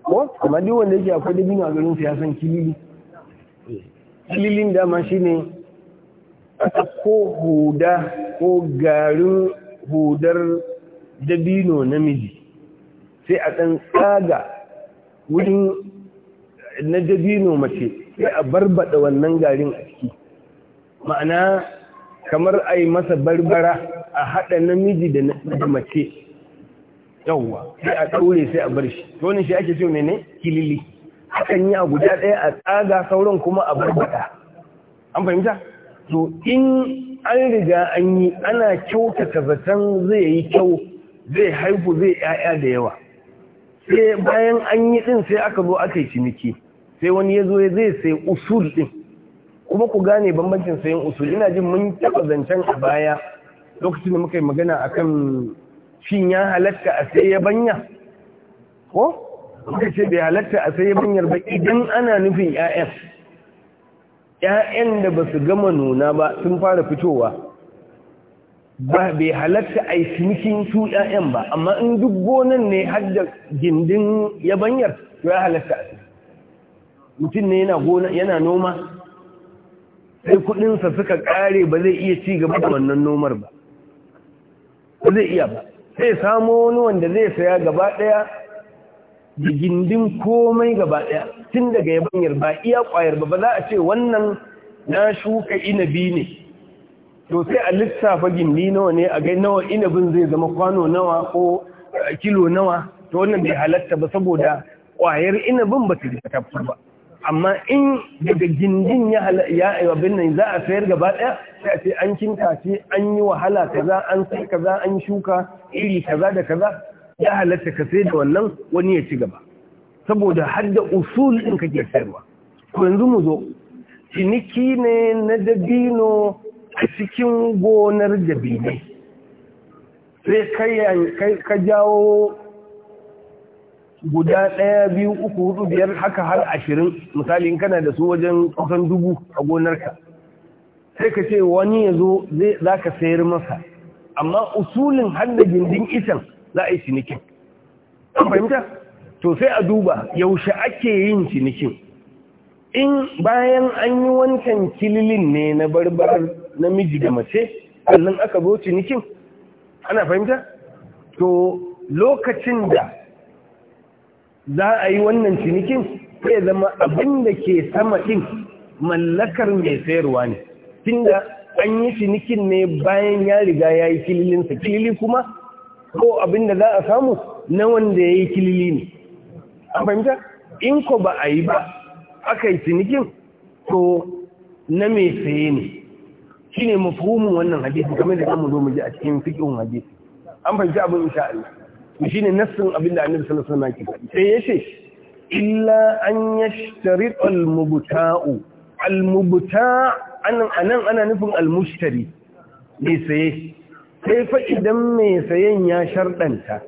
ko amma duk wanda yake akwai dabino a gano su ya san kilili kililin dama shi ne ko huda ko garin hudar dabino namiji sai a ɗan tsaga wurin na dabino mace sai a barbada wannan garin a ciki ma'ana kamar a yi masa barbara a haɗa namiji da na mace yawwa sai a ɗaure sai a bar shi tonin shi ake ce ne kilili hakan yi a guda ɗaya a tsaga sauran kuma a barbada an fahimta to in an riga an yi ana kyautata zaton zai yi kyau zai haihu zai ‘ya'ya da yawa sai bayan an yi din sai aka zo aka yi ciniki sai wani ya zo zai sai usul din. kuma ku gane bambancin sayan usul ina jin mun taba zancen a baya lokacin da muka yi magana akan shin ya halatta a sai ya banya ko muka ce bai halatta a sai ya banyar ba idan ana nufin ‘ya'yan ‘ya'yan da ba su gama nuna ba sun fara fitowa ba bai halatta a yi cinikin su ‘ya'yan ba amma in duk gonan ne har da gindin yabanyar to ya halatta a mutum ne yana noma sai kudinsa suka kare ba zai iya ci gaba da wannan nomar ba ba zai iya ba sai samo wani wanda zai saya gaba ɗaya, da gindin komai gaba ɗaya. tun daga yabanyar ba iya kwayar ba ba za a ce wannan na shuka inabi ne to sai a lissafa gindi nawa ne a gai nawa inabin zai zama kwano nawa ko eh, kilo nawa to wannan bai halatta ba saboda kwayar inabin ba ta rika ba amma in daga gindin ya ya abin nan za a sayar gaba ɗaya, sai a ce an kintace an yi wahala kaza an sai kaza an shuka iri kaza da kaza ya halatta ka sai da wannan wani ya ci gaba saboda har da usul din kake sayarwa to yanzu mu zo ciniki ne na dabino a cikin gonar bine sai ka jawo guda ɗaya biyu uku hudu biyar haka har ashirin misali in kana da su wajen kusan dubu a gonarka sai ka ce wani ya zo za ka sayar masa amma usulin har da gindin itan za a yi cinikin an fahimta to sai a duba yaushe ake yin cinikin in bayan an yi wancan kililin ne na barbar namiji da mace sannan aka zo cinikin ana fahimta to lokacin da za a yi wannan cinikin sai zama abin da ke sama ɗin mallakar mai sayarwa ne Tun da an yi cinikin ne bayan ya riga ya yi kililinsa kilili kuma ko abin da za a samu na wanda ya yi kilili ne a fahimta in ko ba a yi ba aka yi cinikin to na mai saye ne shine mafhumin wannan hadisi kamar da mu zo mu ji a cikin fiqhun hadisi an fahimci abin insha Allah to shine nassin abin da Annabi sallallahu alaihi wasallam yake faɗi sai yace illa an yashtari al-mubta'u al-mubta' anan anan ana nufin al-mushtari ne saye sai fa idan mai sayen ya shardanta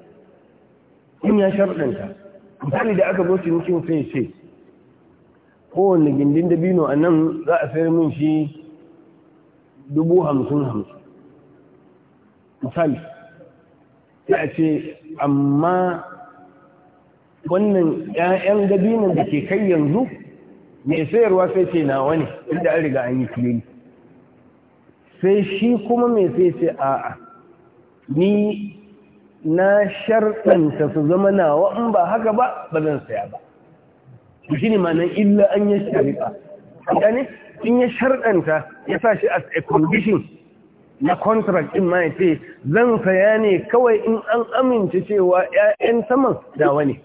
in ya shardanta misali da aka zo cinikin sai ce kowane gindin dabino a nan za a sayar min shi dubu hamsin misali sai a ce amma wannan 'ya'yan gabina da ke kai yanzu mai sayarwa sai ce nawa ne inda an riga an yi filin sai shi kuma mai sai ce a'a ni na sharɗanta su zama nawa in ba haka ba ba zan saya ba shi ne ma nan illa an yi shari'a ne in ya sharɗanta ya sa shi as a condition na contract in ma ce zan saya ne kawai in an amince cewa 'ya'yan saman da wani?'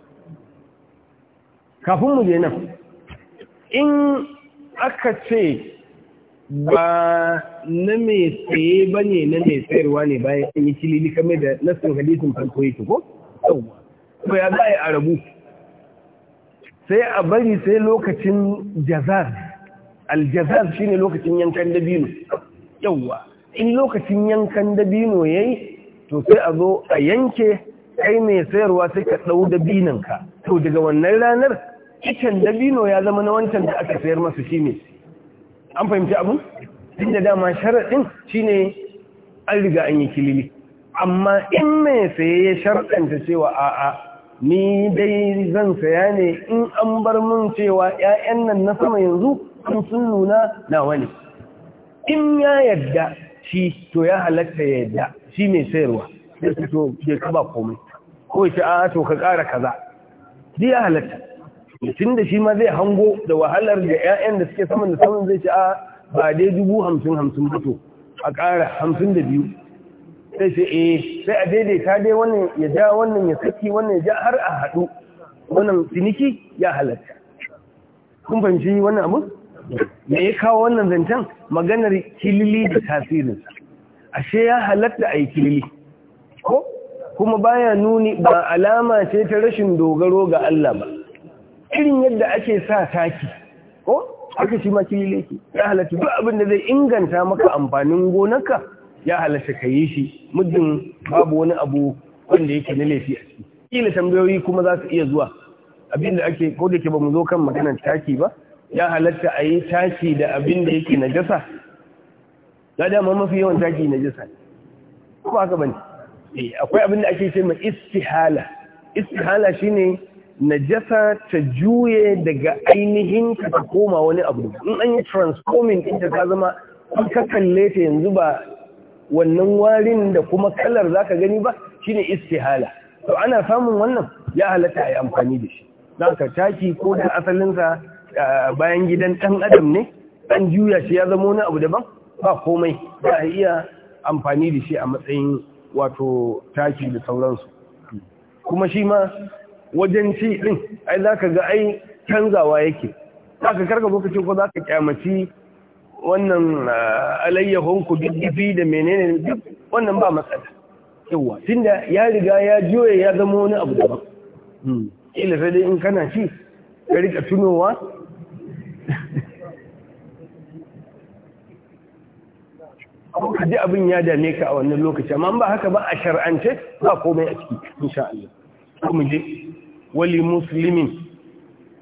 kafin mu je nan in aka ce ba na mai tsaye ba ne na mai tsayarwa ne bayan an yi cilili kamar da nasin hadisin farko yake ko? ya za a yi arabu sai a bari sai lokacin jazar aljazaz shine lokacin yankan dabino yawwa in lokacin yankan dabino yayi to sai a zo a yanke kai mai sayarwa sai ka ɗau dabinan ka to daga wannan ranar kicin dabino ya zama na wancan da aka sayar masa shine an fahimci abu da dama sharadin shine an riga an yi kilili amma in mai saye ya sharaɗanta cewa a'a ni dai zan saya ne in an bar mun cewa 'ya'yan nan na sama yanzu in sun nuna nawa ne in ya yadda shi to ya halatta ya yadda shi mai sayarwa ya su to je komai ko ya ce a to ka ƙara kaza zai ya halatta mutum da shi ma zai hango da wahalar da 'ya'yan da suke saman da saman zai ci a ba dai dubu hamsin hamsin mutu a ƙara hamsin da biyu sai sai eh sai a daidaita dai wannan ya ja wannan ya saki wannan ya ja har a haɗu wannan ciniki ya halatta kun fahimci wannan abu me ya kawo wannan zancen maganar kilili da tasirinsa ashe ya halatta a yi kilili ko kuma baya nuni ba alama ce ta rashin dogaro ga Allah ba irin yadda ake sa taki ko aka shi ma kilili yake ya halatta duk abin da zai inganta maka amfanin gonarka ya halatta ka yi shi muddin babu wani abu wanda yake na laifi a ciki kila tambayoyi kuma za su iya zuwa abin da ake ko da ke ba mu zo kan maganar taki ba ya halatta a yi tashi da abin da yake jasa? Ya dama mafi yawan tashi na ko ba haka bane eh, akwai abin da ake mai istihala istihala shine najasa ta juye daga ainihin ka ta koma wani abu in an yi transforming din ta zama an ka kalle ta yanzu ba wannan warin da kuma kalar za ka gani ba shine istihala to ana samun wannan ya halatta a yi amfani da shi zaka taki ko da asalinsa bayan gidan ɗan adam ne ɗan juya shi ya zama wani abu daban ba komai za a iya amfani da shi a matsayin wato taki da sauransu kuma shi ma wajen ci ɗin ai za ka ga ai canzawa yake za ka karka lokaci ko za ka kyamaci wannan alayyahon ku diddifi da menene duk wannan ba matsala yawa tunda ya riga ya juya ya zama wani abu daban hmm. ila sai dai in kana ci ka rika tunowa ka ji abin ya dame ka a wannan lokaci amma ba haka ba a shar'ance ba komai a ciki insha Allah kuma je wali muslimin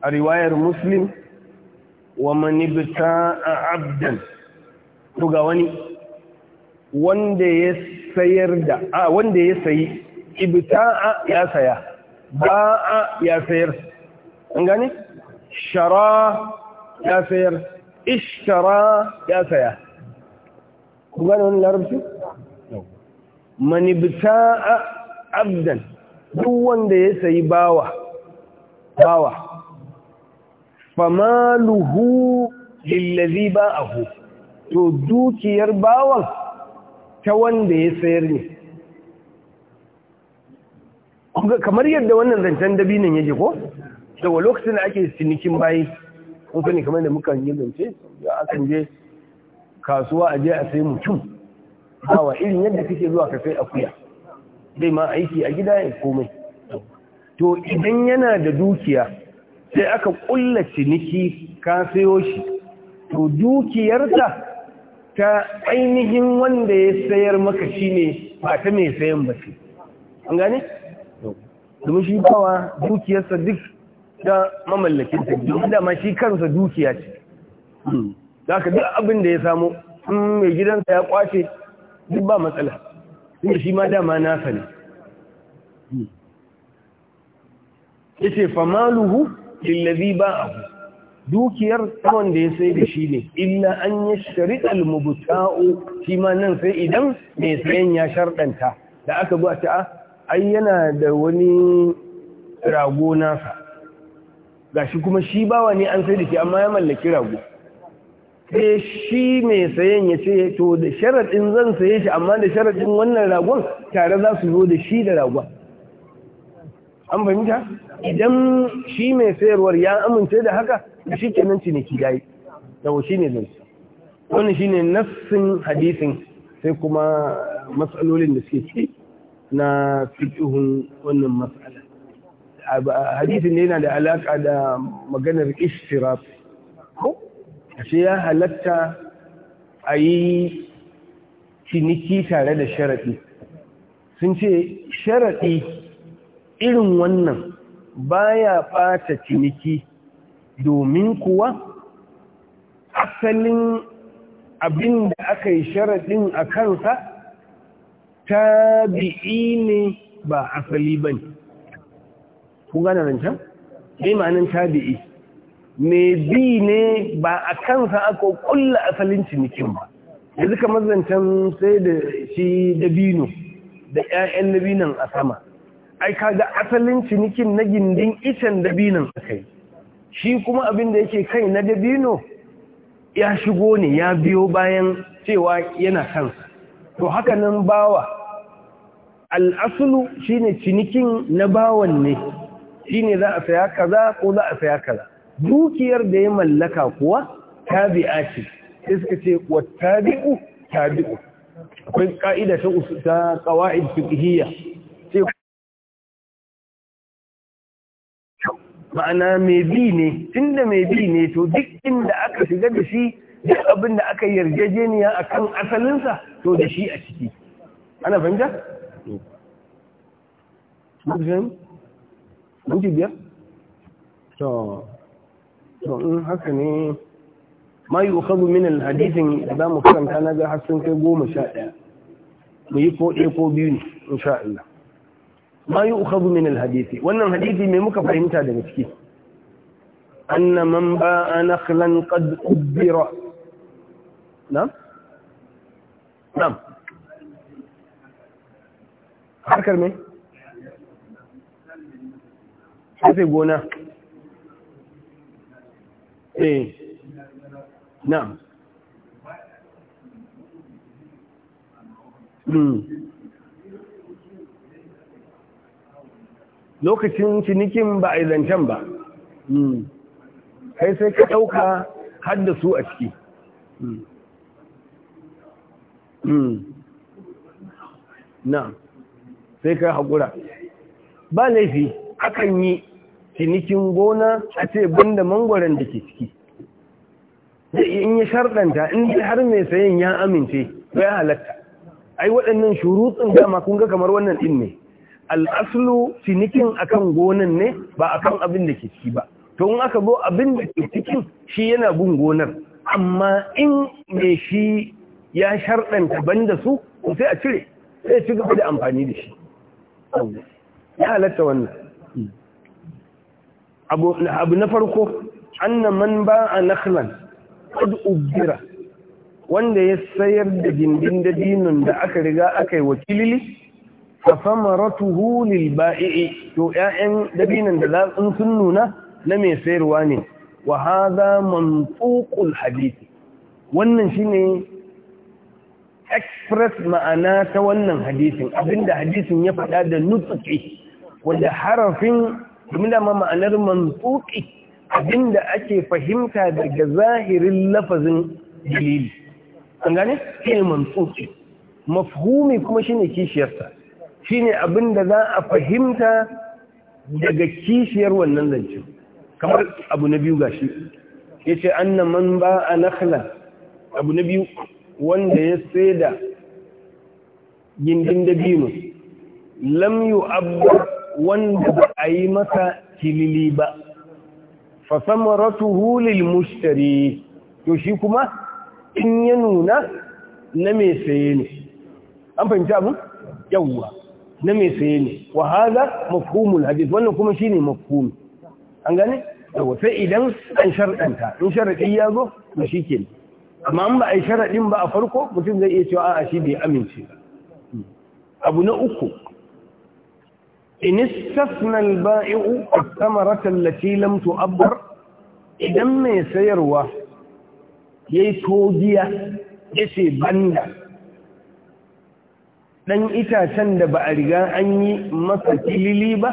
a riwayar muslim wa man a abdan to ga wani wanda ya sayar da a wanda ya sayi a ya saya ba'a ya sayar an gani? shara ya sayar ishtara ya saya ku gane wani larabci? manibta abdan duk wanda ya sayi bawa bawa famaluhu lillazi hu to dukiyar bawan ta wanda ya sayar ne kamar yadda wannan zancen dabinin yake ko daga lokacin da ake cinikin bayi kun sani kamar da muka yi zance ya akan je kasuwa a je a sai mutum hawa irin yadda kake zuwa ka sai akuya Bai ma aiki a gida ya komai to idan yana da dukiya sai aka kulla ciniki ka sayo shi to dukiyarsa ta ainihin wanda ya sayar maka shine ba ta mai sayan ba ce an gane domin shi bawa dukiyarsa duk da mamallakin ta domin dama shi kansa dukiya ce za ka duk abin da ya samu mai gidansa ya kwace duk ba matsala inda shi ma dama nasa ne ya ce famaluhu lillazi ba abu dukiyar tsawon da ya sai da shi ne illa an yi shari'ar mubuta'u shi ma nan sai idan mai sayan ya sharɗanta da aka ba ta ah, ai yana da wani rago nasa Ga shi kuma shi bawa ne an sai da shi amma ya mallaki rago sai shi mai sayen ya ce to da sharaɗin zan saye shi amma da sharaɗin wannan ragon tare za su zo da shi da ragon an fahimta idan shi mai sayarwar ya amince da haka da shi kenan ciniki Da wa shi ne zai wani shi ne nassin hadisin sai kuma matsalolin da suke ci na fiƙihun wannan matsala hadisin ne yana da alaƙa da maganar istiraf ko ashe ya halatta a yi ciniki tare da sharaɗi sun ce sharaɗi irin wannan baya ɓata ciniki domin kuwa asalin abin da aka yi sharaɗin a kansa ta bi'i ne ba asali ba ne kun gane zancen ne ma'anin tabi'i mai bi ne ba a kansa aka kulla asalin cinikin ba yanzu zika mazancan sai da shi dabino da 'ya'yan dabinan a sama ai ga asalin cinikin na gindin icen dabinon aka yi shi kuma abin da yake kai na dabino ya shigo ne ya biyo bayan cewa yana kansa to haka nan bawa al'asulu shine cinikin na bawan ne shi ne za a saya kaza ko za a saya kaza dukiyar da ya mallaka kuwa tabi'a ce sai suka ce wa tabi'u tabi'u akwai ka'ida ta ta qawaid fiqhiyya sai ma'ana mai bi ne tunda mai bi ne to duk inda aka shiga da shi duk abin da aka yarjejeniya akan asalinsa to da shi a ciki ana fahimta? minti biyar to to in haka ne ma yi ukhadu min alhadithin da mu karanta na ga har sun kai goma sha ɗaya mu yi ko ɗaya ko biyu ne insha Allah ma yi ukhadu min alhadithi wannan hadithi me muka fahimta daga ciki anna man ba'a nakhlan qad ubira na'am na'am harkar me rufe gona eh na'am hmm. lokacin cinikin ba a zancen ba hmm. kai sai ka ɗauka da su a ciki hmm. na sai ka haƙura ba laifi akan yi cinikin gona a ce banda mangwaren da ke ciki in ya sharɗanta in har mai sayan ya amince to ya halatta ai waɗannan shurutun dama kun ga kamar wannan ɗin ne al'aslu cinikin akan gonan ne ba akan abin da ke ciki ba to in aka zo abin da ke cikin shi yana bin gonar amma in me shi ya sharɗanta banda su sai a cire sai ci gaba da amfani da shi ya halatta wannan abu na farko anna man ba a nakhlan qad ubira wanda ya sayar da gindin dinin da aka riga aka yi wakilili fa samaratuhu lil ba'i'i to 'ya'yan dabinin da za sun nuna na mai sayarwa ne wa hadha hadisi. hadith wannan shine express ma'ana ta wannan hadisin abinda hadisin ya faɗa da nutsuki wanda harafin domin ma ma'anar mantsuƙi abinda ake fahimta daga zahirin lafazin dalili an gane ne mafhumi kuma shine kishiyarsa shine da za a fahimta daga kishiyar wannan zance kamar abu na biyu gashi yace na man ba a nakhla abu na biyu wanda ya da gindin biyu lam abu. wanda ba a yi masa kilili ba fasamaratuhu hulil mushtari to shi kuma in ya nuna na mai saye ne an fahimci abun yawwa na mai saye ne wa hada mafhumul hadith wannan kuma shine mafhumi an gane yawwa sai idan an sharɗanta in sharaɗi ya zo shi ke amma an ba a yi sharaɗin ba a farko mutum zai iya cewa a'a shi bai amince ba hmm. abu na uku in istafna al-ba'i'u al-thamarata allati lam tu'abbar idan mai sayarwa yayi togiya yace banda dan itacen da ba a riga an yi masa kilili ba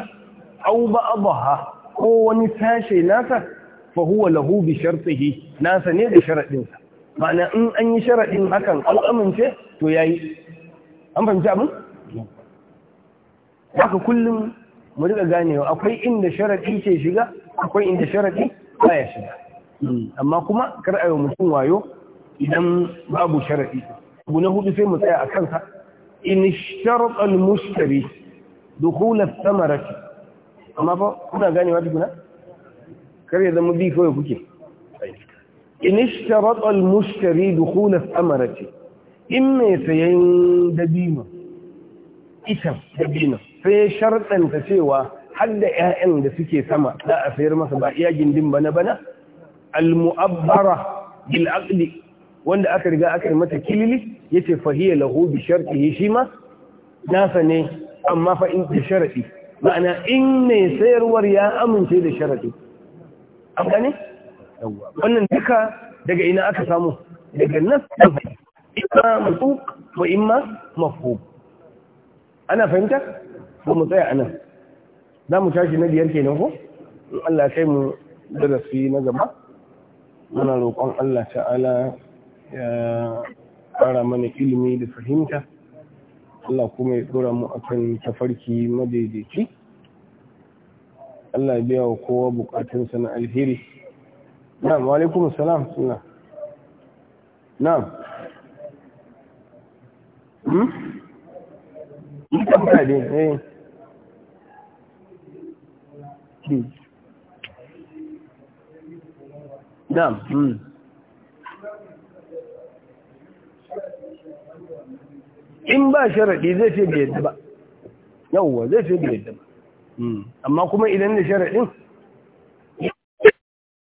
Auba, ba abaha ko wani sashe nasa fa huwa lahu bi shartihi nasa ne da sharadin sa ma'ana in an yi sharadin hakan an amince to yayi an fahimci abin haka kullum mu riga ganewa akwai inda sharaɗi ke shiga akwai inda sharaɗi baya ya shiga amma kuma kar a mutum wayo idan babu sharaɗi abu na hudu sai mu tsaya a kansa in al mushtari dukula samarati amma fa kuna ganewa tukuna kar ya zama bi kawai kuke in al mushtari dukula samarati in mai sayan dabino itan dabino sai ya sharɗanta cewa har da 'ya'yan da suke sama za a sayar masa ba iya gindin bana bana al-mu'abbara bil wanda aka riga aka yi mata kilili yace fahiyar lahu bi ya shi ma nasa ne amma fa'in da sharaɗi ma'ana in mai sayarwar ya amince da sharaɗi an gane wannan duka daga ina aka samu daga nas imma mutuq wa imma mafuk ana fahimta ba mu tsaya anan za mu tashi na biyar kenan ko in Allah kai mu darasi na gaba muna roƙon Allah ta'ala ya ƙara mana ilimi da fahimta Allah kuma ya tsora mu akan tafarki madaidaici Allah ya biya wa kowa buƙatunsa na alheri na'am wa alaikum assalam sunna na'am hmm? ne eh. hmm. Hmm. In ba sharaɗi zai fi da yadda ba. Yawwa zai fi da yadda ba. Hmm. Amma kuma idan da sharaɗin